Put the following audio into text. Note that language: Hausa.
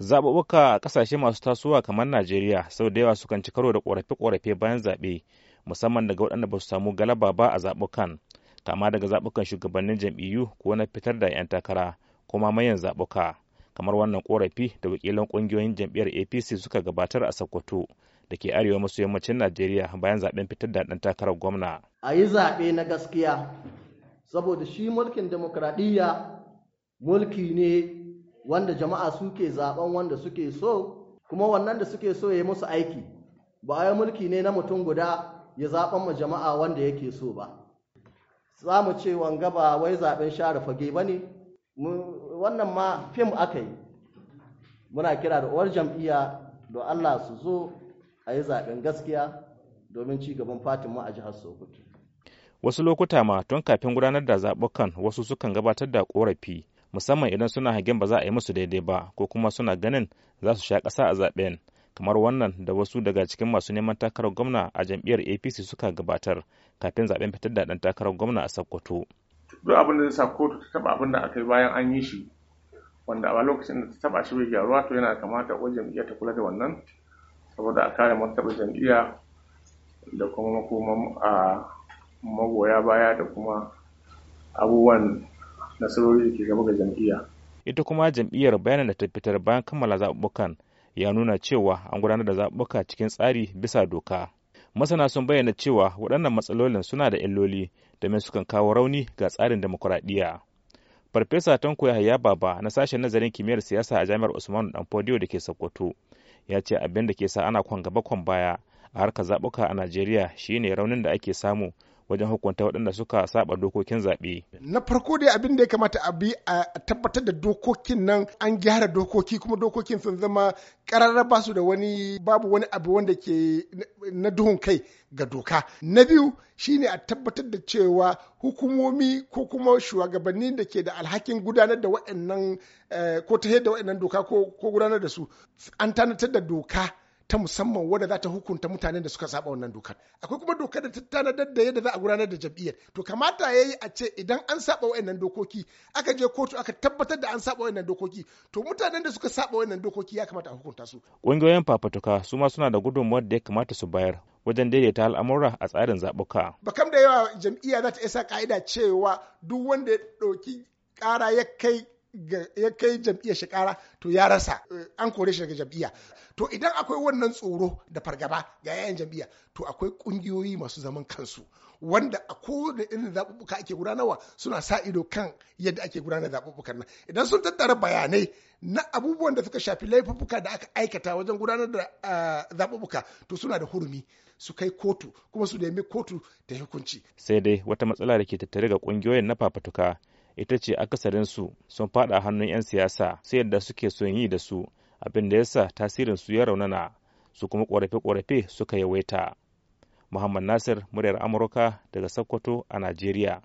zaɓuɓɓuka a ƙasashe masu tasowa kamar najeriya sau da yawa sukan ci karo da ƙorafe-ƙorafe bayan zaɓe musamman daga waɗanda ba su samu galaba ba a zaɓukan kama daga zaɓukan shugabannin jam'iyyu ko na fitar da 'yan takara kuma mayan zaɓuka kamar wannan korafi da wakilan ƙungiyoyin jam'iyyar apc suka gabatar a sokoto da ke arewa maso yammacin najeriya bayan zaɓen fitar da ɗan takarar gwamna a yi zaɓe na gaskiya saboda shi mulkin demokradiyya mulki ne wanda jama'a suke zaben wanda suke so kuma wannan da suke so ya musu aiki ba a mulki ne na mutum guda ya zaben ma jama'a wanda yake so ba za mu ce wanga ba wai zaben share fage ba ne wannan ma fim aka yi muna kira da uwar jam'iyya don allah su zo a yi zaben gaskiya domin ci gaban fatinmu a jihar sokoto wasu lokuta ma tun kafin gudanar da zaɓukan wasu sukan gabatar da ƙorafi musamman idan suna hagen ba za a yi musu daidai ba ko kuma suna ganin za su sha ƙasa a zaben kamar wannan da wasu daga cikin masu neman takarar gwamna a jam'iyyar apc suka gabatar kafin zaben fitar da ɗan takarar gwamna a sokoto duk abin da sa kotu ta taba abin da aka yi bayan an yi shi wanda a lokacin da ta taba shi bai gyaruwa to yana kamata ko jam'iyyar ta kula da wannan saboda a kare martaba jam'iyya da kuma makoman a magoya baya da kuma abubuwan nasarori da ke gaba ga jam'iyya. Ita kuma jam'iyyar bayanan da ta fitar bayan kammala zaɓuɓɓukan ya nuna cewa an gudanar da zaɓuɓɓuka cikin tsari bisa doka. Masana sun bayyana cewa waɗannan matsalolin suna da illoli domin sukan kawo rauni ga tsarin demokuraɗiyya. Farfesa Tanko Yahaya Baba na sashen nazarin kimiyyar siyasa a Jami'ar Usmanu Danfodiyo da ke Sokoto ya ce abin da ke sa ana kwan gaba kwan baya a harkar zaɓuka a Najeriya shine raunin da ake samu wajen hukunta waɗanda suka saba dokokin zaɓe. Na farko dai abin da ya kamata a bi a tabbatar da dokokin nan an gyara dokoki kuma dokokin sun zama ƙararra ba su da wani babu wani abu wanda ke na duhun kai ga doka. Na biyu shine a tabbatar da cewa hukumomi ko kuma shugabanni da ke da alhakin gudanar da waɗannan eh, ko ta da waɗannan doka ko gudanar da su an tanatar da doka ta musamman wadda za ta hukunta mutanen da suka saba wannan dokar akwai kuma dokar da ta tanadar da yadda za a gudanar da jam'iyyar to kamata ya yi a ce idan an saba wa'annan dokoki aka je kotu aka tabbatar da an saba wa'annan dokoki to mutanen da suka saba wa'annan dokoki ya kamata a hukunta su ƙungiyoyin fafatuka su ma suna da gudunmuwar da ya kamata su bayar wajen daidaita al'amura a tsarin zaɓuka. Bakam da yawa jam'iyya za ta isa ka'ida cewa duk wanda ya ɗauki ƙara ya kai ya kai jam'iyyar shi kara to ya rasa eh, an kore shi daga jam'iyya to idan akwai wannan tsoro da fargaba ga yayan jam'iyya to akwai kungiyoyi masu zaman kansu wanda a kowane irin zaɓuɓɓuka ake gudanarwa suna sa ido kan yadda ake gudanar zaɓuɓɓukan nan idan sun tattara bayanai na abubuwan da suka shafi laifuffuka da aka aikata wajen gudanar da eh, zaɓuɓɓuka to suna da hurumi su kai kotu kuma su nemi kotu da hukunci sai dai wata matsala da ke tattare ga kungiyoyin na fafatuka ita ce akasarinsu sun fada hannun 'yan siyasa sai yadda suke son yi da su abin da yasa tasirin su ya raunana su kuma ƙorafe korafe suka yawaita. Muhammad Nasir, muryar Amurka daga Sokoto a Najeriya.